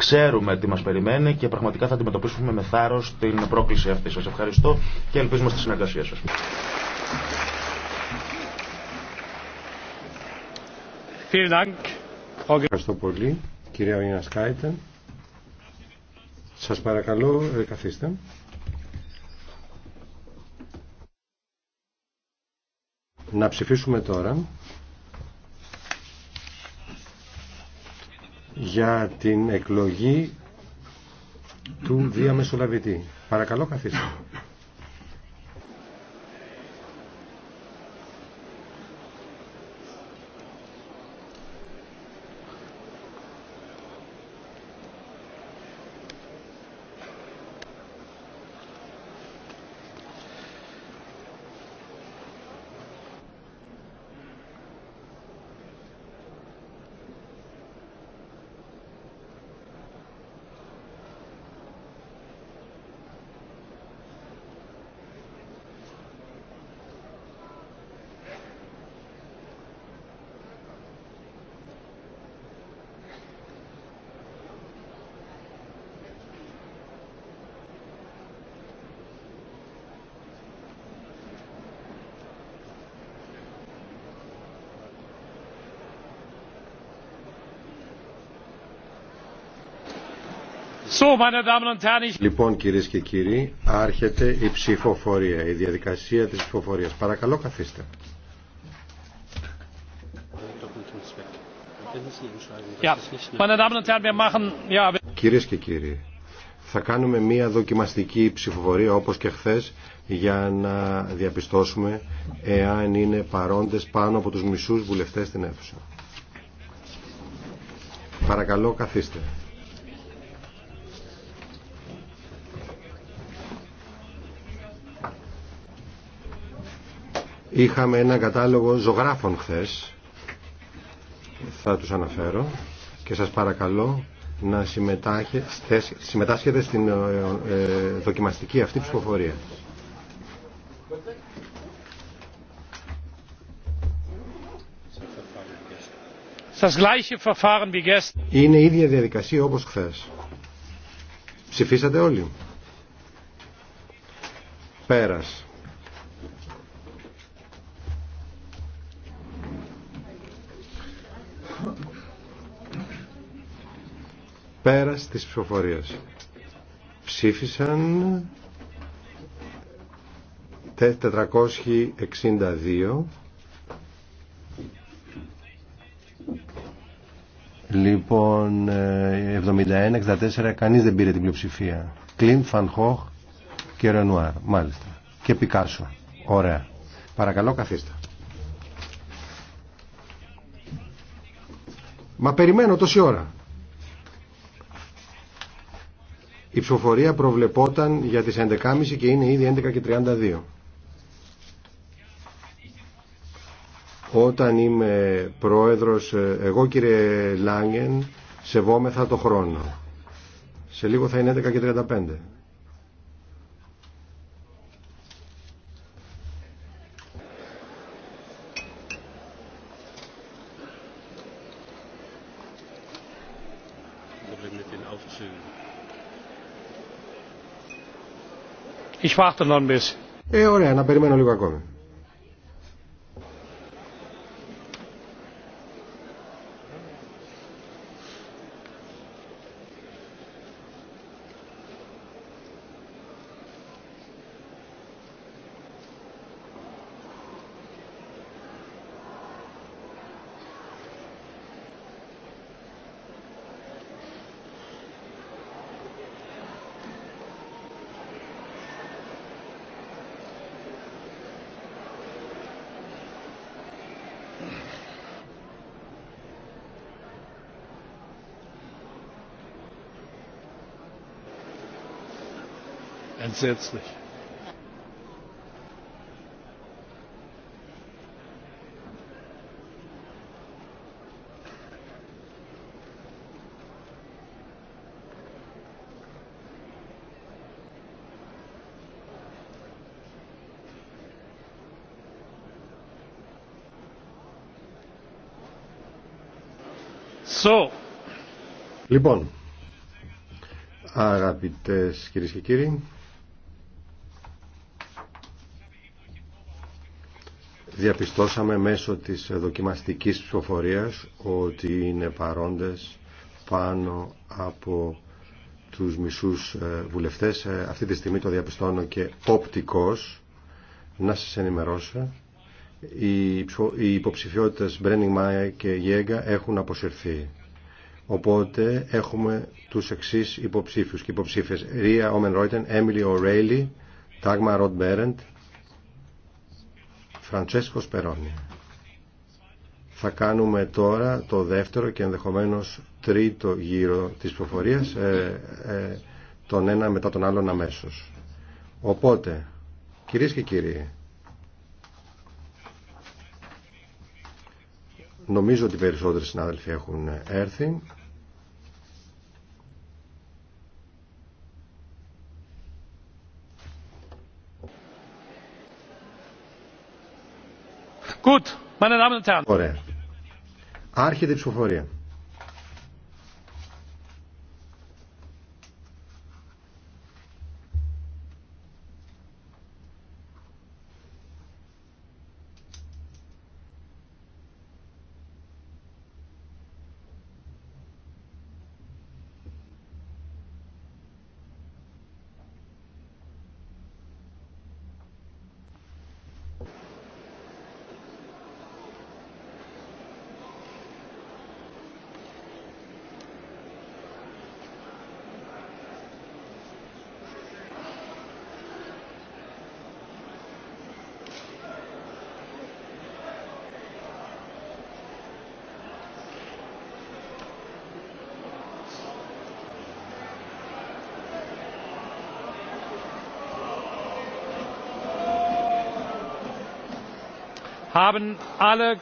Ξέρουμε τι μας περιμένει και πραγματικά θα αντιμετωπίσουμε με θάρρος την πρόκληση αυτή. Σας ευχαριστώ και ελπίζουμε στη συνεργασία σας. Ευχαριστώ πολύ. Κυρία Ωνία Σκάιτεν. Σας παρακαλώ, ε, καθίστε. Να ψηφίσουμε τώρα. για την εκλογή του διαμεσολαβητή. Παρακαλώ καθίστε. Λοιπόν κύριε και κύριοι, άρχεται η ψηφοφορία, η διαδικασία της ψηφοφορίας. Παρακαλώ καθίστε. Κυρίε και κύριοι, θα κάνουμε μία δοκιμαστική ψηφοφορία όπως και χθες για να διαπιστώσουμε εάν είναι παρόντες πάνω από τους μισούς βουλευτές στην αίθουσα. Παρακαλώ καθίστε. Είχαμε ένα κατάλογο ζωγράφων χθες, θα τους αναφέρω και σας παρακαλώ να συμμετάσχετε στην ε, ε, δοκιμαστική αυτή ψηφοφορία. Είναι η ίδια διαδικασία όπως χθες. Ψηφίσατε όλοι. Πέρας. Πέρας της ψηφοφορίας. Ψήφισαν 462 Λοιπόν, 71-64, ε, κανείς δεν πήρε την πλειοψηφία. Κλίν, Φανχόχ και Ρενουάρ, μάλιστα. Και Πικάσο. Ωραία. Παρακαλώ, καθίστε. Μα περιμένω τόση ώρα. Η ψηφοφορία προβλεπόταν για τις 11.30 και είναι ήδη 11.32. Όταν είμαι πρόεδρος, ε, εγώ κύριε Λάγγεν, σεβόμεθα το χρόνο. Σε λίγο θα είναι 11.35. Ε, ωραία, να περιμένω λίγο ακόμη. entsetzlich. So. Λοιπόν, αγαπητές κυρίες και κύριοι, διαπιστώσαμε μέσω της δοκιμαστικής ψηφοφορίας ότι είναι παρόντες πάνω από τους μισούς ε, βουλευτές. Ε, αυτή τη στιγμή το διαπιστώνω και οπτικός. Να σας ενημερώσω. Οι υποψηφιότητες Μπρένιγκ Μάια και Γιέγκα έχουν αποσυρθεί. Οπότε έχουμε τους εξής υποψήφιους και υποψήφιες. Ρία Όμεν Ρόιτεν, Έμιλι Ορέιλι, Τάγμα Ροντ Μπέρεντ, Φραντσέσκο Περόνι. Θα κάνουμε τώρα το δεύτερο και ενδεχομένως τρίτο γύρο της προφορίας ε, ε, τον ένα μετά τον άλλον αμέσως. Οπότε, κυρίες και κύριοι, νομίζω ότι οι περισσότεροι συνάδελφοι έχουν έρθει. Ωραία. Άρχεται η ψηφοφορία. Haben alle...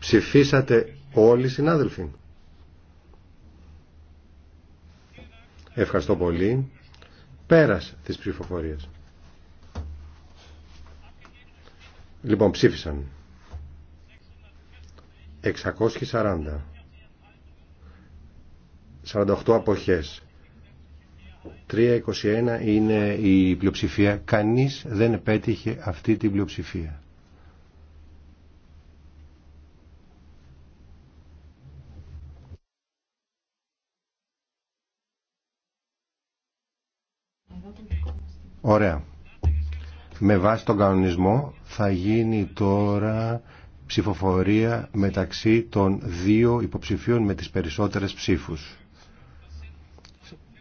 Ψηφίσατε όλοι συνάδελφοι. Ευχαριστώ πολύ. Πέρας της ψηφοφορίας. Λοιπόν, ψήφισαν. 640. 48 αποχές. 321 είναι η πλειοψηφία. Κανείς δεν επέτυχε αυτή την πλειοψηφία. Ωραία. Με βάση τον κανονισμό θα γίνει τώρα ψηφοφορία μεταξύ των δύο υποψηφίων με τις περισσότερες ψήφους.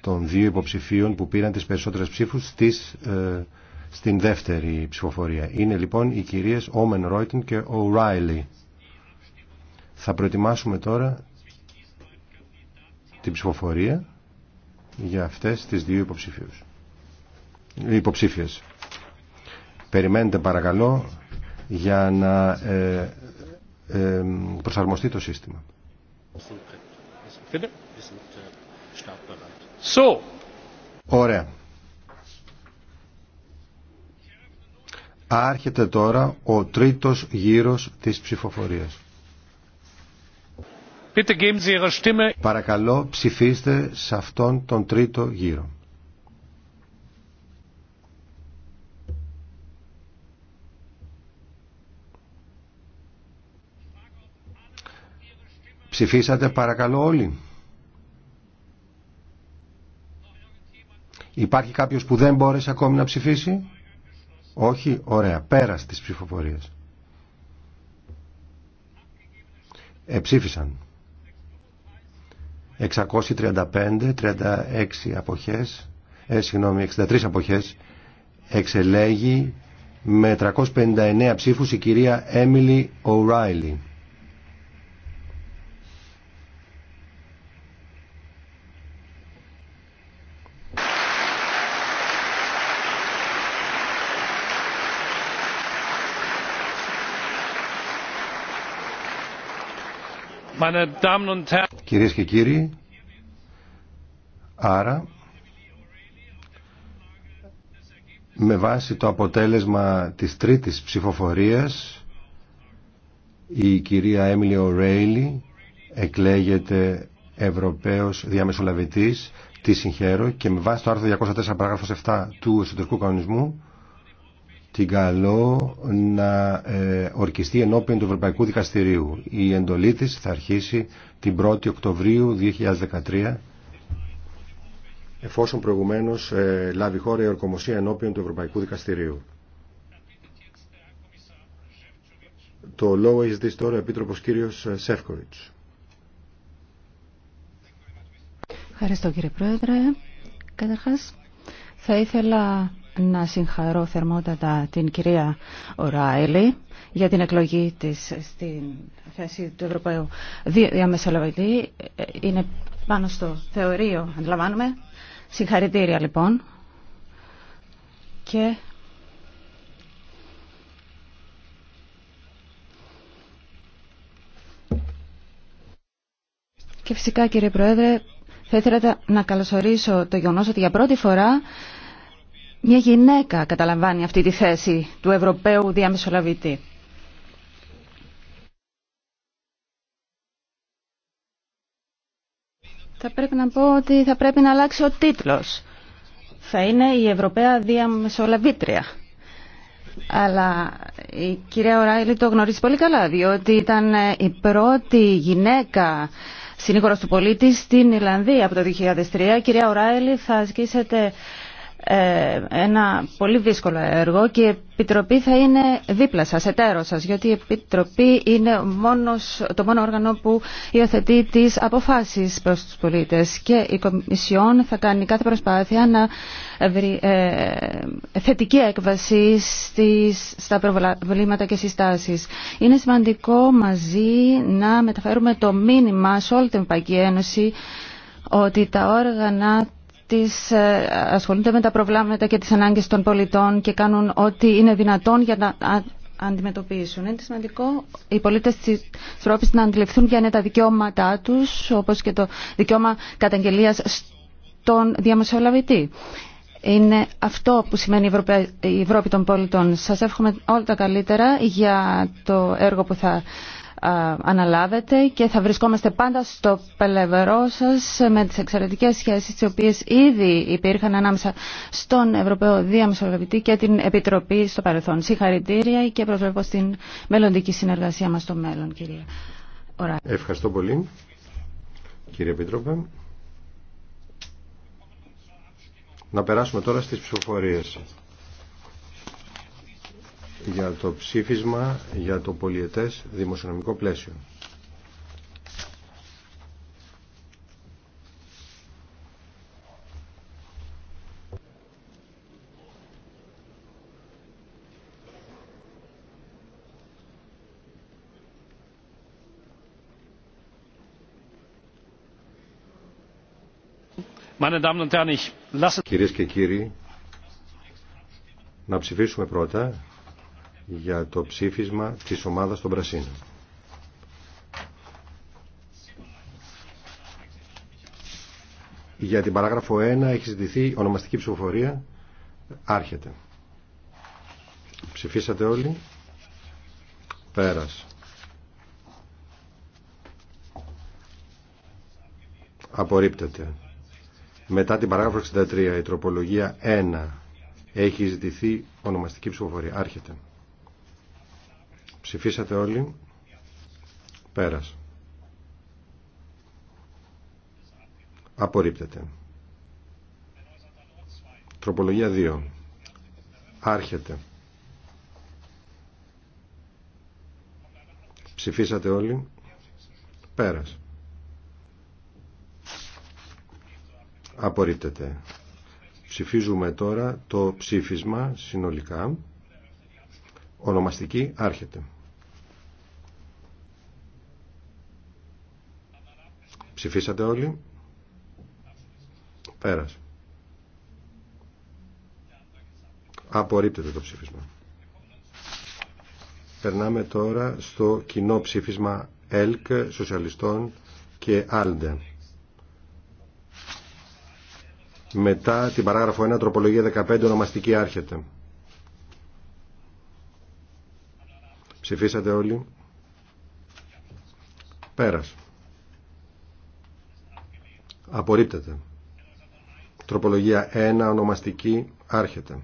Των δύο υποψηφίων που πήραν τις περισσότερες ψήφους στις, ε, στην δεύτερη ψηφοφορία. Είναι λοιπόν οι κυρίες Όμεν Ρόιτιν και Ο Θα προετοιμάσουμε τώρα την ψηφοφορία για αυτές τις δύο υποψηφίους υποψήφιες. Περιμένετε παρακαλώ για να ε, ε, προσαρμοστεί το σύστημα. So. Ωραία. Άρχεται τώρα ο τρίτος γύρος της ψηφοφορίας. Παρακαλώ ψηφίστε σε αυτόν τον τρίτο γύρο. Ψηφίσατε παρακαλώ όλοι. Υπάρχει κάποιος που δεν μπόρεσε ακόμη να ψηφίσει. Όχι, ωραία, πέρα της ψηφοφοριες Εψήφισαν. 635, 36 αποχές, ε, συγγνώμη, 63 αποχές, εξελέγει με 359 ψήφους η κυρία Έμιλι Ο'Ράιλι. Κυρίες και κύριοι, άρα με βάση το αποτέλεσμα της τρίτης ψηφοφορίας η κυρία Έμιλι Ορέιλι εκλέγεται Ευρωπαίος διαμεσολαβητής, της συγχαίρω και με βάση το άρθρο 204 παράγραφος 7 του εσωτερικού κανονισμού την καλό να ε, ορκιστεί ενώπιον του Ευρωπαϊκού Δικαστηρίου. Η εντολή της θα αρχίσει την 1η Οκτωβρίου 2013 εφόσον προηγουμένως ε, λάβει χώρα η ορκομοσία ενώπιον του Ευρωπαϊκού Δικαστηρίου. Το λόγο έχει ζητήσει τώρα ο Επίτροπος κύριος ε, Σεύκοβιτς. Ευχαριστώ κύριε Πρόεδρε. Καταρχάς θα ήθελα να συγχαρώ θερμότατα την κυρία Οράιλη για την εκλογή της στην θέση του Ευρωπαίου Διαμεσολαβητή. Είναι πάνω στο θεωρείο, αντιλαμβάνουμε. Συγχαρητήρια λοιπόν. Και Και φυσικά κύριε Πρόεδρε, θα ήθελα να καλωσορίσω το γεγονό ότι για πρώτη φορά μια γυναίκα καταλαμβάνει αυτή τη θέση του Ευρωπαίου διαμεσολαβητή. Θα πρέπει να πω ότι θα πρέπει να αλλάξει ο τίτλος. Θα είναι η Ευρωπαία Διαμεσολαβήτρια. Αλλά η κυρία Οράιλη το γνωρίζει πολύ καλά, διότι ήταν ε, η πρώτη γυναίκα συνήγορος του πολίτη στην Ιρλανδία από το 2003. Κυρία Οράιλη, θα ασκήσετε ε, ένα πολύ δύσκολο έργο και η Επιτροπή θα είναι δίπλα σας, εταίρος σας, γιατί η Επιτροπή είναι μόνος, το μόνο όργανο που υιοθετεί τις αποφάσεις προς τους πολίτες και η Κομισιόν θα κάνει κάθε προσπάθεια να βρει ε, θετική έκβαση στις, στα προβλήματα και συστάσεις. Είναι σημαντικό μαζί να μεταφέρουμε το μήνυμα σε όλη την Ευρωπαϊκή Ένωση ότι τα όργανα τις, ε, ασχολούνται με τα προβλήματα και τις ανάγκες των πολιτών και κάνουν ό,τι είναι δυνατόν για να αντιμετωπίσουν. Είναι σημαντικό οι πολίτες της Ευρώπης να αντιληφθούν ποια είναι τα δικαιώματά τους, όπως και το δικαίωμα καταγγελίας στον διαμεσολαβητή. Είναι αυτό που σημαίνει η Ευρώπη των πολιτών. Σας εύχομαι όλα τα καλύτερα για το έργο που θα αναλάβετε και θα βρισκόμαστε πάντα στο πελευρό σα με τις εξαιρετικές σχέσεις τις οποίες ήδη υπήρχαν ανάμεσα στον Ευρωπαίο Διαμεσολαβητή και την Επιτροπή στο παρελθόν. Συγχαρητήρια και προσβλέπω στην μελλοντική συνεργασία μας στο μέλλον, κυρία. Ευχαριστώ πολύ, κύριε Επίτροπε. Να περάσουμε τώρα στις ψηφοφορίες για το ψήφισμα για το πολιετές δημοσιονομικό πλαίσιο. Κυρίες και κύριοι, να ψηφίσουμε πρώτα για το ψήφισμα της ομάδας των Πρασίνων. Για την παράγραφο 1 έχει ζητηθεί ονομαστική ψηφοφορία. Άρχεται. Ψηφίσατε όλοι. Πέρας. Απορρίπτεται. Μετά την παράγραφο 63 η τροπολογία 1 έχει ζητηθεί ονομαστική ψηφοφορία. Άρχεται. Ψηφίσατε όλοι. Πέρας. Απορρίπτεται. Τροπολογία 2. Άρχεται. Ψηφίσατε όλοι. Πέρας. Απορρίπτεται. Ψηφίζουμε τώρα το ψήφισμα συνολικά. Ονομαστική άρχεται. Ψηφίσατε όλοι. Πέρας. Απορρίπτεται το ψήφισμα. Περνάμε τώρα στο κοινό ψήφισμα ΕΛΚ, Σοσιαλιστών και ΑΛΔΕ. Μετά την παράγραφο 1, τροπολογία 15, ονομαστική άρχεται. Ψηφίσατε όλοι. Πέρας. Απορρίπτεται. Τροπολογία 1 ονομαστική άρχεται.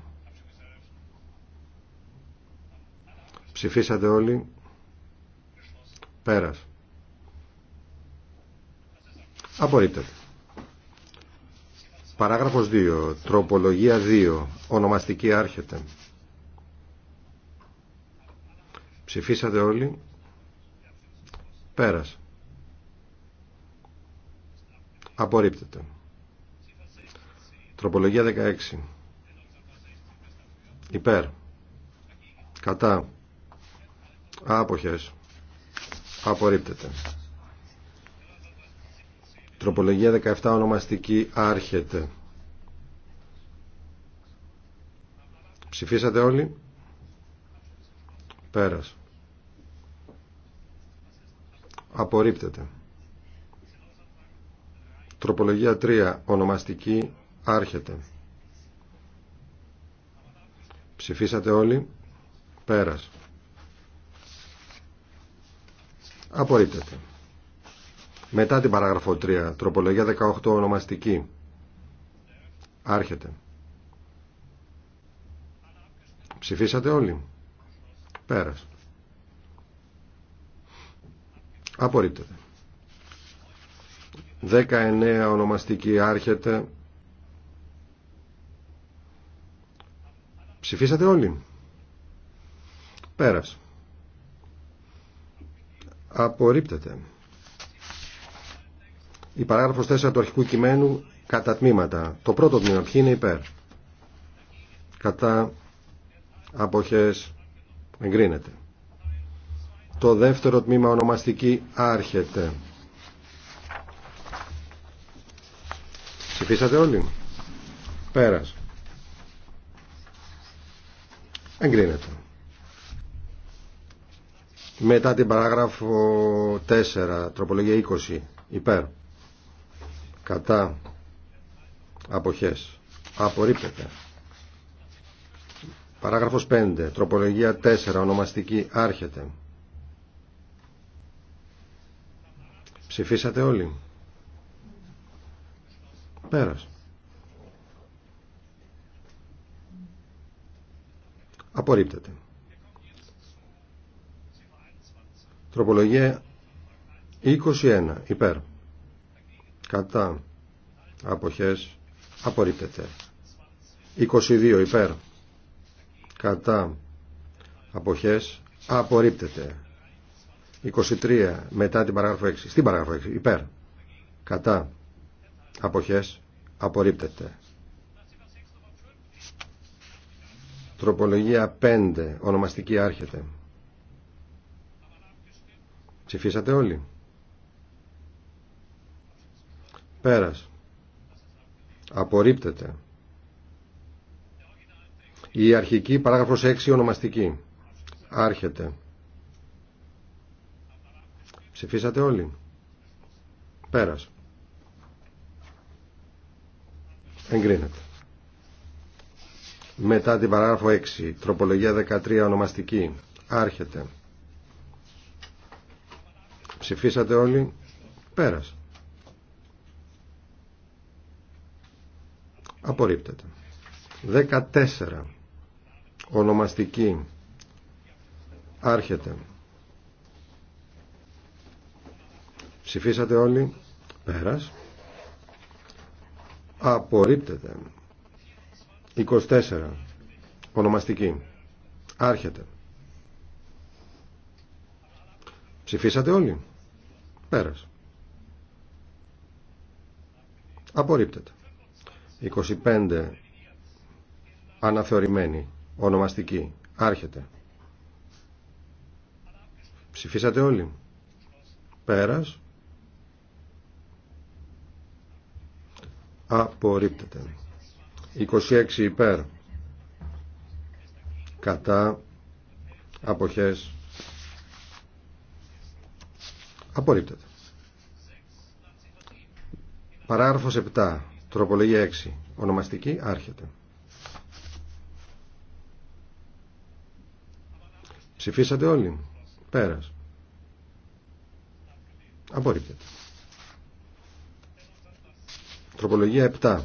Ψηφίσατε όλοι. Πέρας. Απορρίπτεται. Παράγραφος 2. Τροπολογία 2. Ονομαστική άρχεται. Ψηφίσατε όλοι. Πέρας. Απορρίπτεται. Τροπολογία 16. Υπέρ. Κατά. Άποχες. Απορρίπτεται. Τροπολογία 17 ονομαστική άρχεται. Ψηφίσατε όλοι. Πέρας. Απορρίπτεται. Τροπολογία 3. Ονομαστική. Άρχεται. Ψηφίσατε όλοι. Πέρας. Απορρίπτεται. Μετά την παράγραφο 3. Τροπολογία 18. Ονομαστική. Άρχεται. Ψηφίσατε όλοι. Πέρας. Απορρίπτεται. 19 ονομαστική άρχεται. Ψηφίσατε όλοι. Πέρας. Απορρίπτεται. Η παράγραφος 4 του αρχικού κειμένου κατά τμήματα. Το πρώτο τμήμα ποιοι είναι υπέρ. Κατά αποχές εγκρίνεται. Το δεύτερο τμήμα ονομαστική άρχεται. Ψηφίσατε όλοι. Πέρας. Εγκρίνεται. Μετά την παράγραφο 4, τροπολογία 20, υπέρ, κατά, αποχές, απορρίπτεται. Παράγραφος 5, τροπολογία 4, ονομαστική, άρχεται. Ψηφίσατε όλοι. Πέρας. Απορρίπτεται. Τροπολογία 21. Υπέρ. Κατά. Αποχές. Απορρίπτεται. 22. Υπέρ. Κατά. Αποχές. Απορρίπτεται. 23. Μετά την παράγραφο 6. Στην παράγραφο 6. Υπέρ. Κατά αποχές απορρίπτεται τροπολογία 5 ονομαστική άρχεται ψηφίσατε όλοι πέρας απορρίπτεται η αρχική παράγραφος 6 ονομαστική άρχεται ψηφίσατε όλοι πέρας Εγκρίνεται. Μετά την παράγραφο 6, τροπολογία 13, ονομαστική. Άρχεται. Ψηφίσατε όλοι. Πέρασε. Απορρίπτεται. 14. Ονομαστική. Άρχεται. Ψηφίσατε όλοι. Πέρας. Απορρίπτεται. 24. Ονομαστική. Άρχεται. Ψηφίσατε όλοι. Πέρας. Απορρίπτεται. 25. Αναθεωρημένη. Ονομαστική. Άρχεται. Ψηφίσατε όλοι. Πέρας. απορρίπτεται 26 υπέρ κατά αποχές απορρίπτεται παράγραφος 7 τροπολογία 6 ονομαστική άρχεται ψηφίσατε όλοι πέρας απορρίπτεται Τροπολογία 7.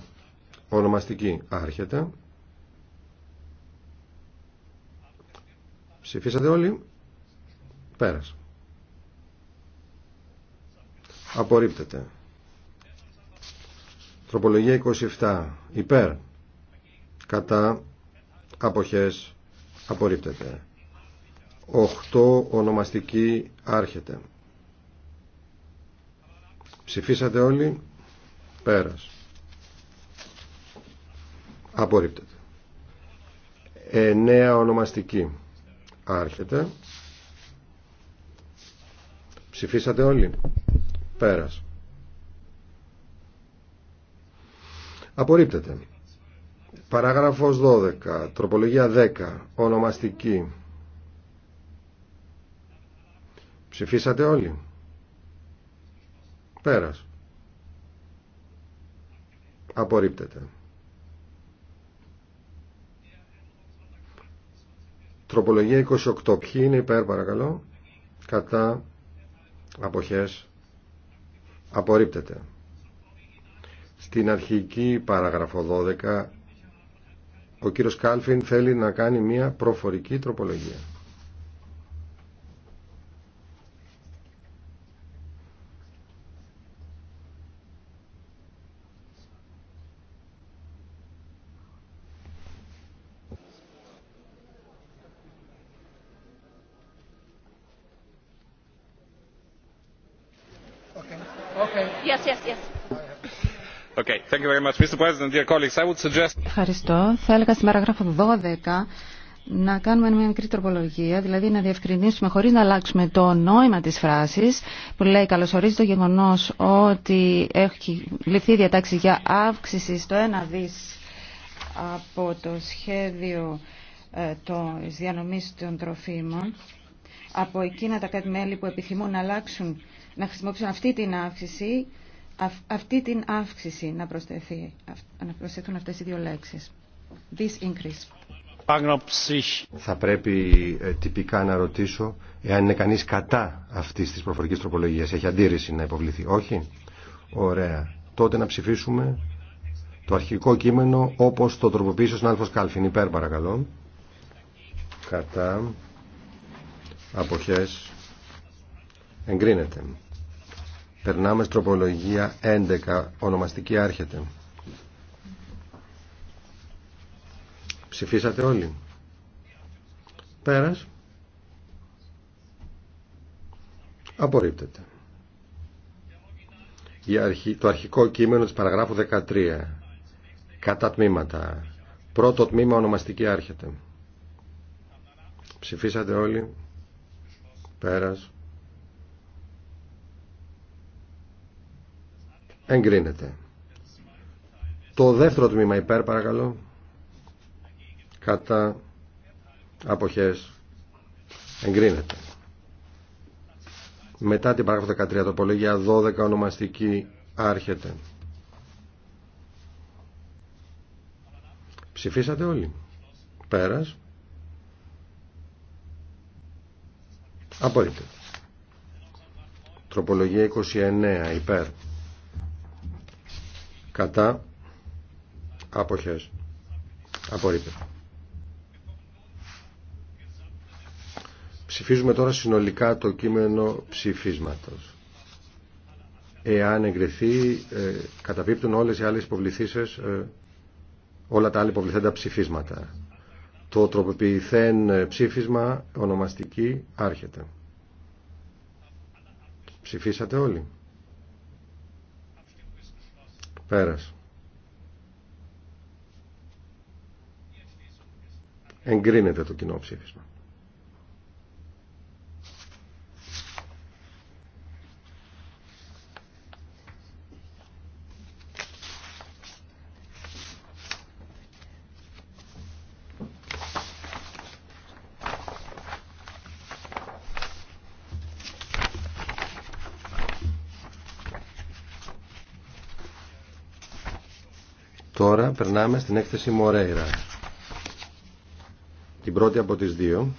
Ονομαστική. Άρχεται. Ψηφίσατε όλοι. Πέρασε. Απορρίπτεται. Τροπολογία 27. Υπέρ. Κατά. Αποχές. Απορρίπτεται. 8. Ονομαστική. Άρχεται. Ψηφίσατε όλοι. Πέρας. Απορρίπτεται. Νέα ονομαστική. Άρχεται. Ψηφίσατε όλοι. Πέρας. Απορρίπτεται. Παράγραφος 12. Τροπολογία 10. Ονομαστική. Ψηφίσατε όλοι. Πέρας. Απορρίπτεται. Τροπολογία 28. Ποιοι είναι υπέρ παρακαλώ. Κατά αποχές. Απορρίπτεται. Στην αρχική παραγραφό 12 ο κύριος Κάλφιν θέλει να κάνει μια προφορική τροπολογία. Ευχαριστώ. Θα έλεγα στην παραγράφο 12 να κάνουμε μια μικρή τροπολογία, δηλαδή να διευκρινίσουμε χωρίς να αλλάξουμε το νόημα της φράσης που λέει καλωσορίζει το γεγονός ότι έχει ληφθεί διατάξη για αύξηση στο ένα δις από το σχέδιο ε, το, της των τροφίμων από εκείνα τα κάτι μέλη που επιθυμούν να αλλάξουν να χρησιμοποιήσουν αυτή την αύξηση αυτή την αύξηση να, προσθεθεί, να προσθεθούν αυτές οι δύο λέξεις. This increase. Θα πρέπει ε, τυπικά να ρωτήσω εάν είναι κανείς κατά αυτής της προφορικής τροπολογίας. Έχει αντίρρηση να υποβληθεί. Όχι. Ωραία. Τότε να ψηφίσουμε το αρχικό κείμενο όπως το τροποποίησε ο συνάδελφος Κάλφιν. Υπέρ παρακαλώ. Κατά. Αποχές. Εγκρίνεται. Περνάμε στροπολογία 11. Ονομαστική άρχεται. Ψηφίσατε όλοι. Πέρας. Απορρίπτεται. Η το αρχικό κείμενο της παραγράφου 13. Κατά τμήματα. Πρώτο τμήμα ονομαστική άρχεται. Ψηφίσατε όλοι. Πέρας. εγκρίνεται. Το δεύτερο τμήμα υπέρ παρακαλώ κατά αποχές εγκρίνεται. Μετά την παράγραφο 13 τοπολογία 12 ονομαστική άρχεται. Ψηφίσατε όλοι. Πέρας. Απόλυτε. Τροπολογία 29 υπέρ κατά αποχές απόριπτε. Ψηφίζουμε τώρα συνολικά το κείμενο ψηφίσματος. Εάν εγκριθεί, ε, καταπίπτουν όλες οι άλλες υποβληθήσεις, ε, όλα τα άλλα υποβληθέντα ψηφίσματα. Το τροποποιηθέν ε, ψήφισμα ονομαστική άρχεται. Ψηφίσατε όλοι. Πέρας. Εγκρίνεται το κοινό ψήφισμα. Τώρα περνάμε στην έκθεση Μορέιρα. Την πρώτη από τις δύο.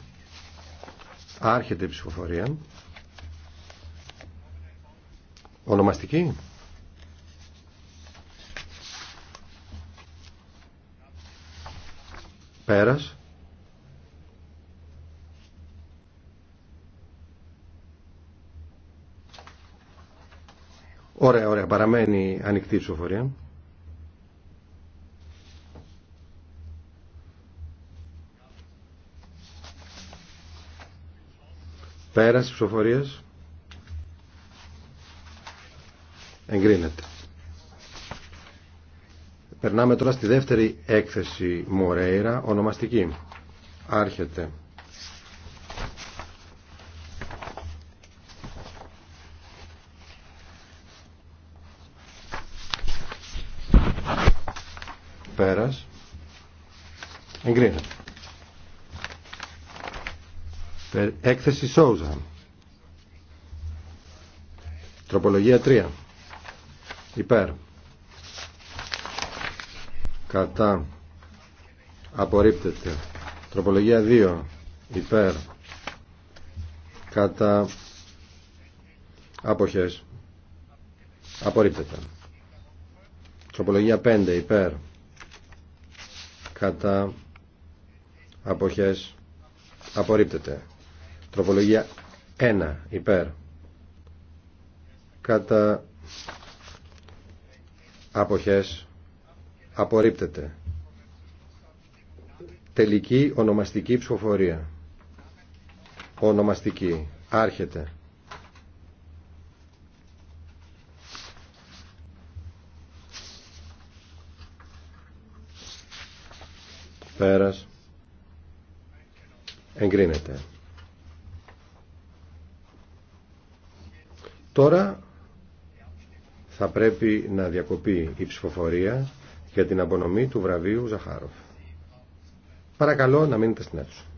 Άρχεται η ψηφοφορία. Ονομαστική. Πέρας. Ωραία, ωραία. Παραμένει ανοιχτή η ψηφοφορία. Πέρας ψηφοφορίας. Εγκρίνεται. Περνάμε τώρα στη δεύτερη έκθεση Μορέιρα, ονομαστική. Άρχεται. Πέρας. Εγκρίνεται. Έκθεση Σόουζα. Τροπολογία 3. Υπέρ. Κατά. Απορρίπτεται. Τροπολογία 2. Υπέρ. Κατά. Αποχές. Απορρίπτεται. Τροπολογία 5. Υπέρ. Κατά. Αποχές. Απορρίπτεται. Τροπολογία 1 υπέρ κατά αποχές απορρίπτεται. Τελική ονομαστική ψηφοφορία. Ονομαστική. Άρχεται. Πέρας. Εγκρίνεται. Τώρα θα πρέπει να διακοπεί η ψηφοφορία για την απονομή του βραβείου Ζαχάροφ. Παρακαλώ να μείνετε στην αίθουσα.